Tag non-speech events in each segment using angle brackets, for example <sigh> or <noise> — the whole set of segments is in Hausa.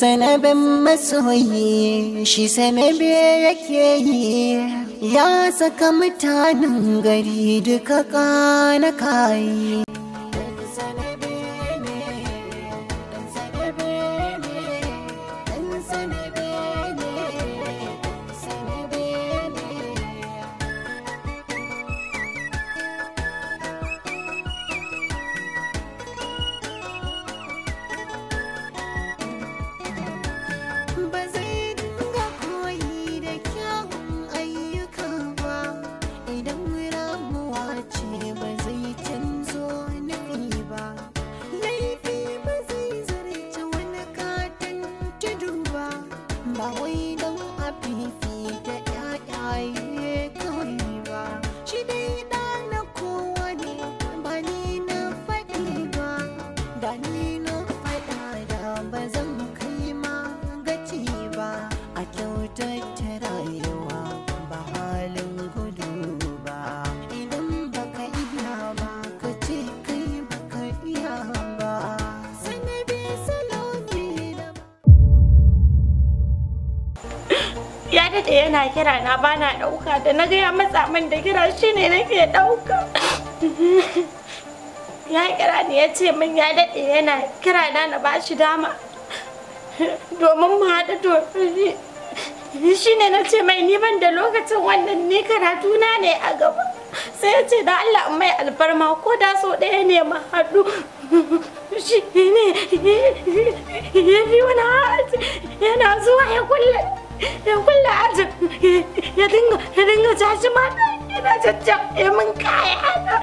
sanabin masoyi shi sanabe yake yi ya saka mutanen gari duka kana kayi yana kira na bana dauka da na gaya ya matsa min da kira shine nake dauka <laughs> ya kira ni ya ce min ya dade yana kira na na bashi dama <laughs> domin mu hada <laughs> domin shine na ce mai ni ban da lokacin wannan ni karatu na ne a gaba sai ya ce da Allah mai alfarma ko da so ɗaya ne mu haɗu shi ne ya na yana zuwa ya kulle ya kulle ajin ya dinga ya dinga caji mata yana jajjabe min kaya na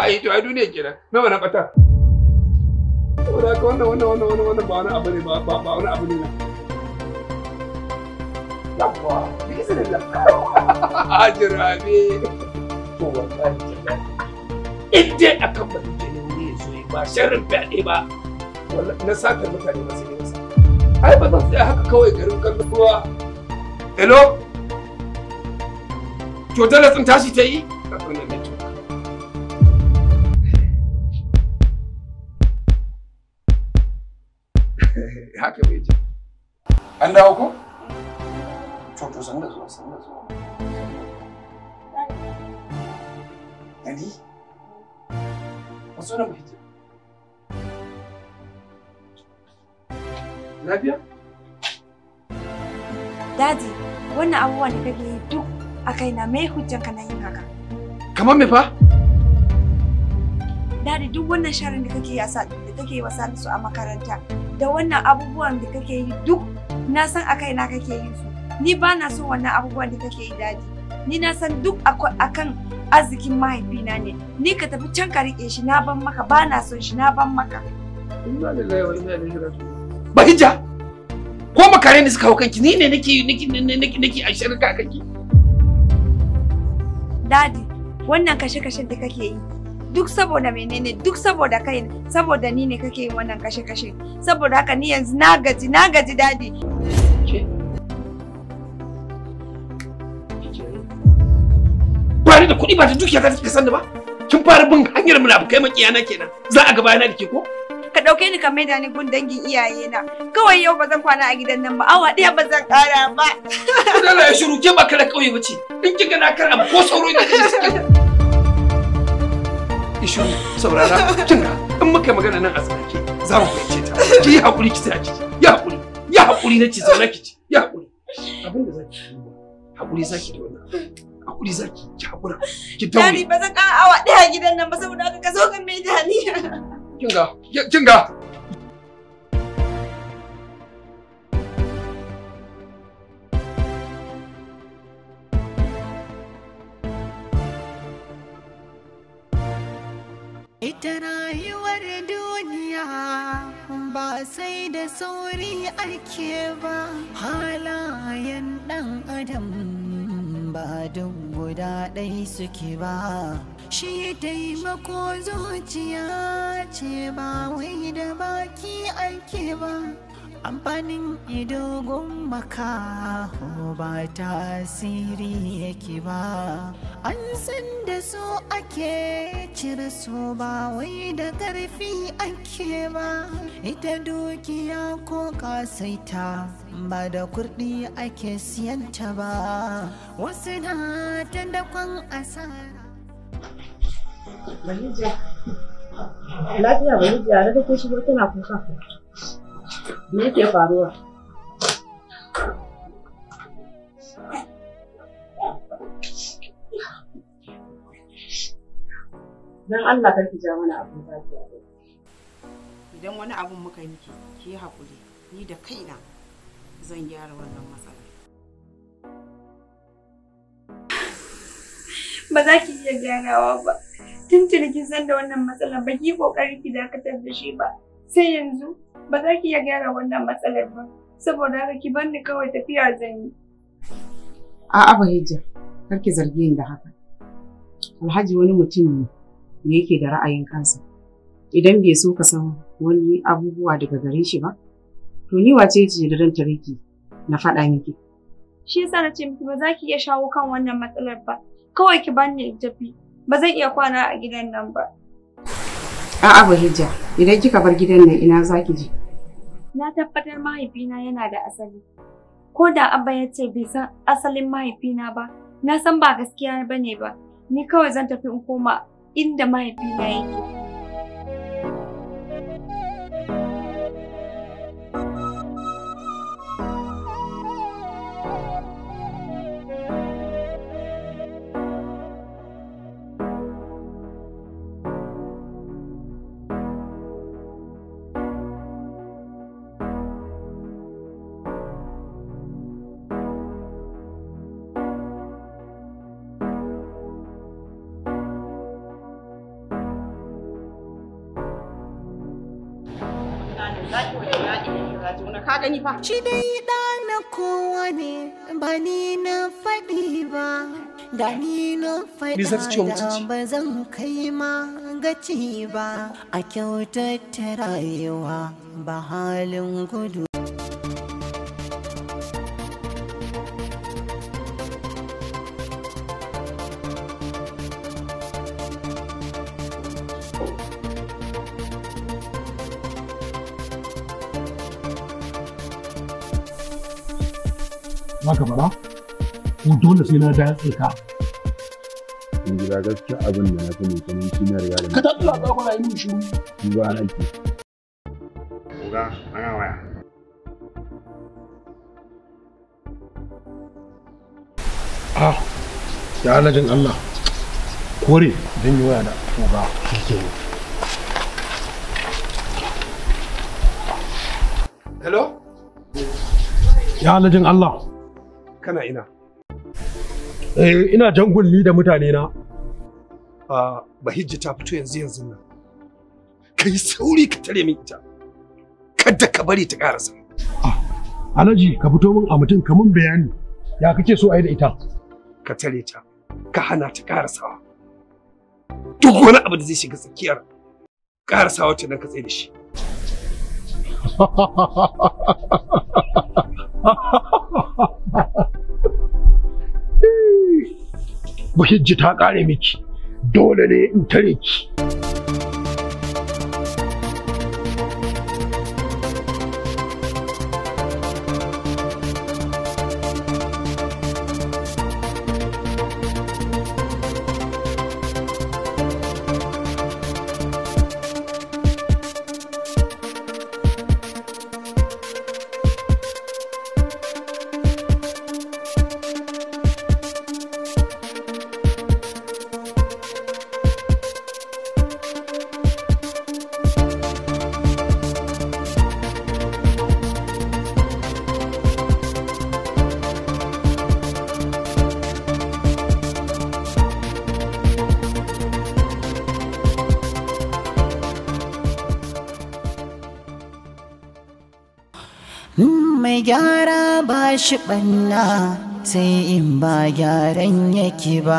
ai to a duniya kenan na wannan bata saboda haka wannan wannan wannan wannan wannan ba wani abu ne ba ba ba wani abu ne na yawwa bi izinin Allah ajirabe to wallahi in dai akan mutum ba sharrin fyaɗe ba na satar mutane ba sai nasa ai ba zan tsaya haka kawai garin kallon ruwa hello to dala tsin tashi ta yi <laughs> haka bai je an dawo ko to to san da zuwa san da zuwa ani wasu na muhimmanci lafiya? Daji, wannan abubuwan da kake yi duk a kaina me hujjanka na yin haka? Kamar me fa? Dadi duk wannan sharin da kake yi da kake yi wa Salisu a makaranta da wannan abubuwan da kake yi duk na san a kaina kake yin su. Ni ba na so wannan abubuwan da kake yi dadi Ni na san duk akan arzikin mahaifina ne. Ni ka tafi can ka riƙe shi na ban maka ba na son shi na ban maka. Inna lillahi wa inna ilaihi raji'un. ba hijja ko makare ne suka hau kanki ni ne nake nake nake a shirka kanki dadi wannan kashe kashe da kake yi duk saboda menene duk saboda kai saboda ni ne kake yin wannan kashe-kashe saboda haka ni yanzu na gaji na gaji dadi ba da kuɗi ba ta dukiya ta kika sanda ba kin fara bin hanyar munafukai makiyana kenan za a gabana da ke ko dauke ni ka maida ni gun dangin iyaye na. Kawai yau ba zan kwana a gidan nan ba, awa ɗaya ba zan ƙara ba. Kudala <laughs> ya shiru ke ba kare ƙauye ba ce, in kika na kar abu ko sauro da kake suke. Ishu, saurara, kinga, in muka magana nan a tsanake, za mu fahimce ta. Ki yi hakuri ki sai a ya hakuri ya hakuri na ci zauna ki ci, ya hakuri Abin da za ki yi hakuri za ki da wannan. hakuri zaki ki hakura ki daure. Dani ba zan ƙara awa ɗaya gidan nan ba saboda haka ka zo ka mai dani. <laughs> Kinga, Ita rayuwar duniya ba sai da sauri ake ba halayen ɗan adam ba duk guda ɗai suke ba shi taimako zuciya ce ba wai da baki ake ba amfanin ido maka ba tasiri yake ba an san da su ake cire su ba wai da ƙarfi ake ba ita dukiya ko kasaita ba da kurɗi ake siyanta ba wasu na ta dakon asara Lafiya Balija, har da ke shigo tana kuka. Me yake faruwa? Don Allah kar ki ja mana abin zafi Idan wani abun muka miki, ki yi haƙuri, ni da kaina zan gyara wannan matsalar. Ba za ki iya gyarawa ba, tun kin san da wannan matsalar ba ki ƙoƙari ki dakatar da shi ba. sai yanzu ba za ki iya gyara wannan matsalar ba saboda haka ki bar ni kawai tafiya zan yi. A'a bahija kar ki zargi ni da haka. Alhaji wani mutum ne da yake da ra'ayin kansa. Idan bai so ka san wani abubuwa daga gare shi ba, to ni wace ce da ran tariki na faɗa miki. Shi yasa na ce miki ba za ki iya shawo kan wannan matsalar ba. Kawai ki bar ni in tafi. Ba zan iya kwana a gidan nan ba. A'a Hijja, idan kika bar gidan nan ina za ki je? Na tabbatar mahaifina yana da asali. Ko da Abba ya ce bai san asalin mahaifina ba, na san ba gaskiya ba ne ba. Ni kawai zan tafi in koma inda mahaifina yake. Shi dai ɗa na kowa ne ba ni na faɗi ba, da ni na faɗa da ba zan kai ma gaci ba, a kyautar rayuwa ba halin gudu za fara ko dole sai na dan tsirka in gida gaskiya abin da na fi mai kanin riya da ka tattala ka ku yi shi ni ba na ki uga ana waya ah ya alajin Allah kore don yi waya da ga shi hello ya alajin Allah kana ina eh ina jangun da mutane na a bahijja ta fito yanzu yanzu nan kai sauri ka tare min ita kada ka bari ta karasa ah, Alhaji ka fito min a mutum ka mun bayani ya kake so a yi da ita ka tare ta ka hana ta karasawa duk wani abu da zai shiga tsakiyar karasawa ta nan ka tsaye da shi ha ha ha ha ha ha ha ha Bahijji ta ƙare miki, dole ne in tare ki. gyara ba shi banna sai in ba gyaran yake ba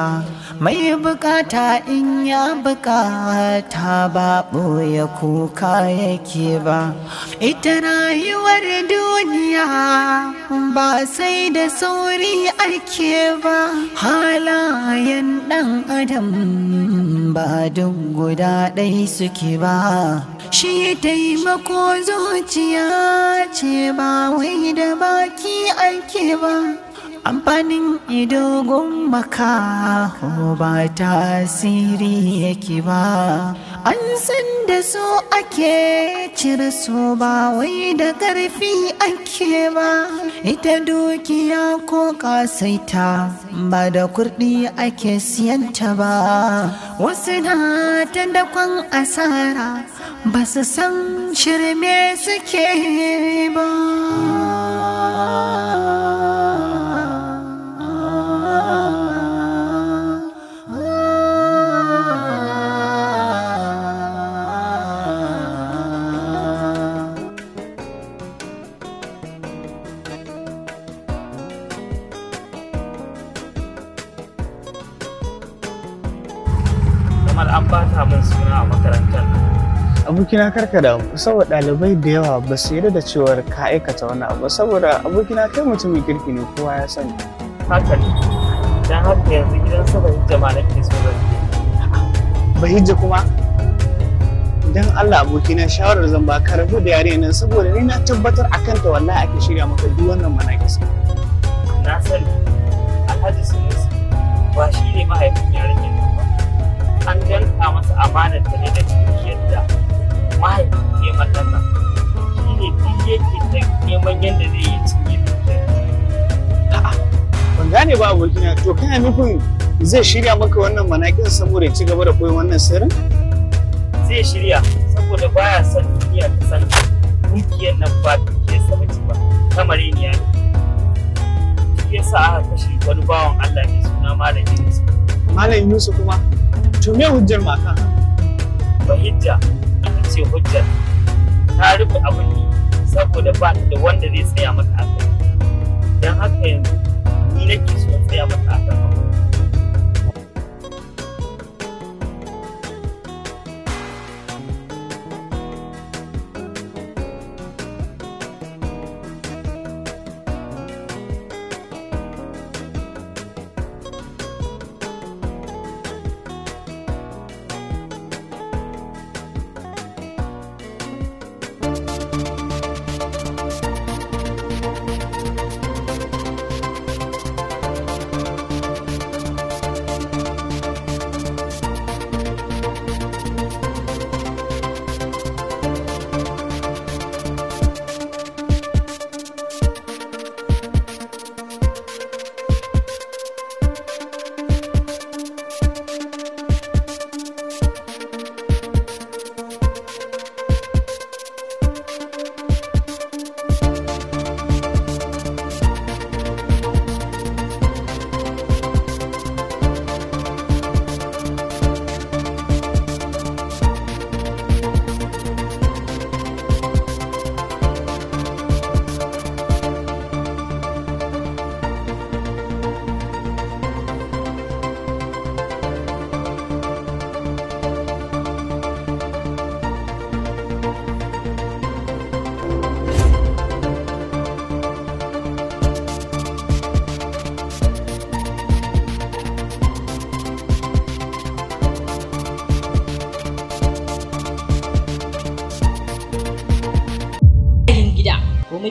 mai bukata in ya bukata ba ɓoye kuka yake ba ita rayuwar duniya ba sai da sauri ake ba halayen ɗan adam ba duk guda ɗai suke ba shi taimako zuciya ce ba wai da baki ake ba amfanin ido ko ba tasiri yake ba an san da so ake cire so ba wai da ƙarfi ake ba ita dukiya ko ƙasaita ba da kurɗi ake siyanta ba wasu na ta dakon asara ba su san shirme suke ba kamar an ba ta mun suna a makarantar abokina karka da saboda ɗalibai da yawa ba su yarda da cewar ka aikata wani abu saboda abokina kai mutumin kirki ne kowa ya sani haka ne dan haka yanzu gidan saba hijja ma ke so zan ba hijja kuma dan Allah abokina shawarar zan ba ka rabu da yare nan saboda ni na tabbatar akan ta wallahi ake shirya maka duk wannan manakisa na sani kana nufin zai shirya maka wannan manakin saboda ci gaba da koyon wannan sirrin? Zai shirya saboda baya son duniya ta san dukiyar nan ba dukiyar sa bace ba Kamar yin ya ya sa aka kashe wani bawan Allah mai suna Malam Yusuf. Malam Yusuf kuma to me hujjar maka? Ba hujja ita ce hujjar ta rufe abin ne saboda ba da wanda zai tsaya mata a kai. Don haka yanzu ni nake so tsaya mata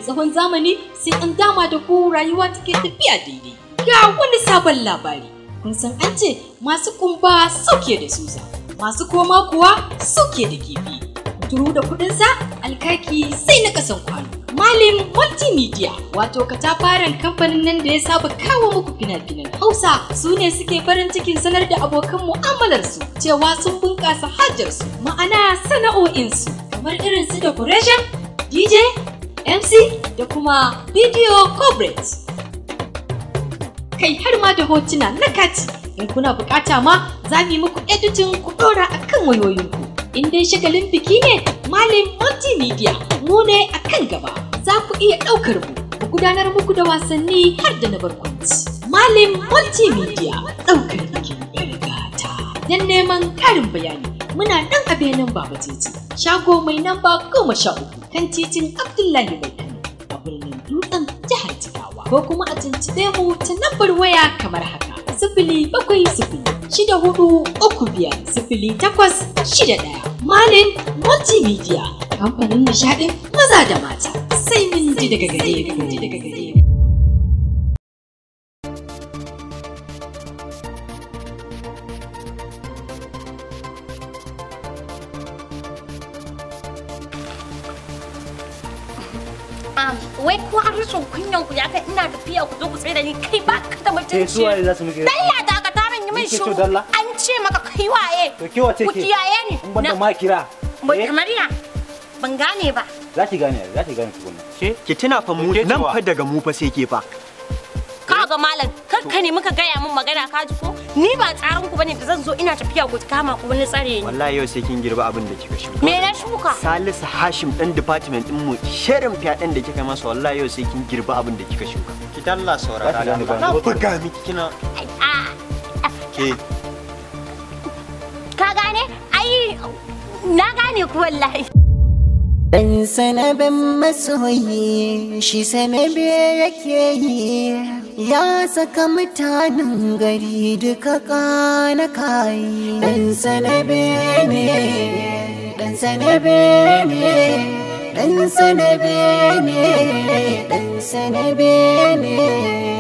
Tsohon zamani sai an dama da ku rayuwa take tafiya daidai. Ga wani sabon labari, kun san an ce masu kumba suke da suza, masu koma kuwa suke da kifi. Turu da kudinsa alkaki sai na kasan kwano. Malam Multimedia wato katafaren kamfanin nan da ya saba kawo muku fina-finan Hausa su ne suke farin cikin sanar da abokan mu'amalar su. cewa sun bunƙasa su. ma'ana sana'o'insu kamar irin su decoration, DJ, mc da kuma video corporate kai har ma da hotuna na kati in kuna bukata ma za mu yi muku editin ku dora a kan wayoyinku in dai shagalin biki ne malin multimedia mu ne a kan gaba za ku iya ɗaukar mu ku gudanar muku da wasanni har da na barkwanci malin multimedia ɗaukar biki gata don neman ƙarin bayani muna nan a benin baba titi shago mai namba goma sha uku kan titin Abdullahi Bayani a birnin Dutsen jihar Jigawa ko kuma a tuntube mu ta lambar waya kamar haka sifili bakwai sifili shida hudu uku biyar sifili takwas shida ɗaya. Malin Multimedia kamfanin nishaɗin maza da mata sai mun ji daga gare wai ko har rashin kunyan ku ya kai ina tafiya ku zo ku tsaye da ni kai ba ka da mutunci. Eh suwa za su muke. Dalla da ka tarin yi min An ce maka kai waye. To ke wace ke? Ku kiyaye ni. In banda kamariya. Ban gane ba. Za ki gane, za ki gane tukunna. Ke? Ki tuna fa mu nan fa daga mu fa sai ke fa. Ka ga malam ka ne muka gaya min magana ka ji ko ni ba tsarin ku bane da zan zo ina tafiya ku kama ku wani tsare ni wallahi yau sai kin girba abin da kika shuka me na shuka Salisu Hashim dan department din mu sherin fiyaɗen da kika masa wallahi yau sai kin girba abin da kika shuka ki dalla saurara na buga miki kina ke ka gane ai na gane ku wallahi Dan sanabin masoyi shi sanabe yake yi ya saka mutanen gari duka kana kayi dan sanabe ne dan sanabe ne dan sanabe ne dan sanabe ne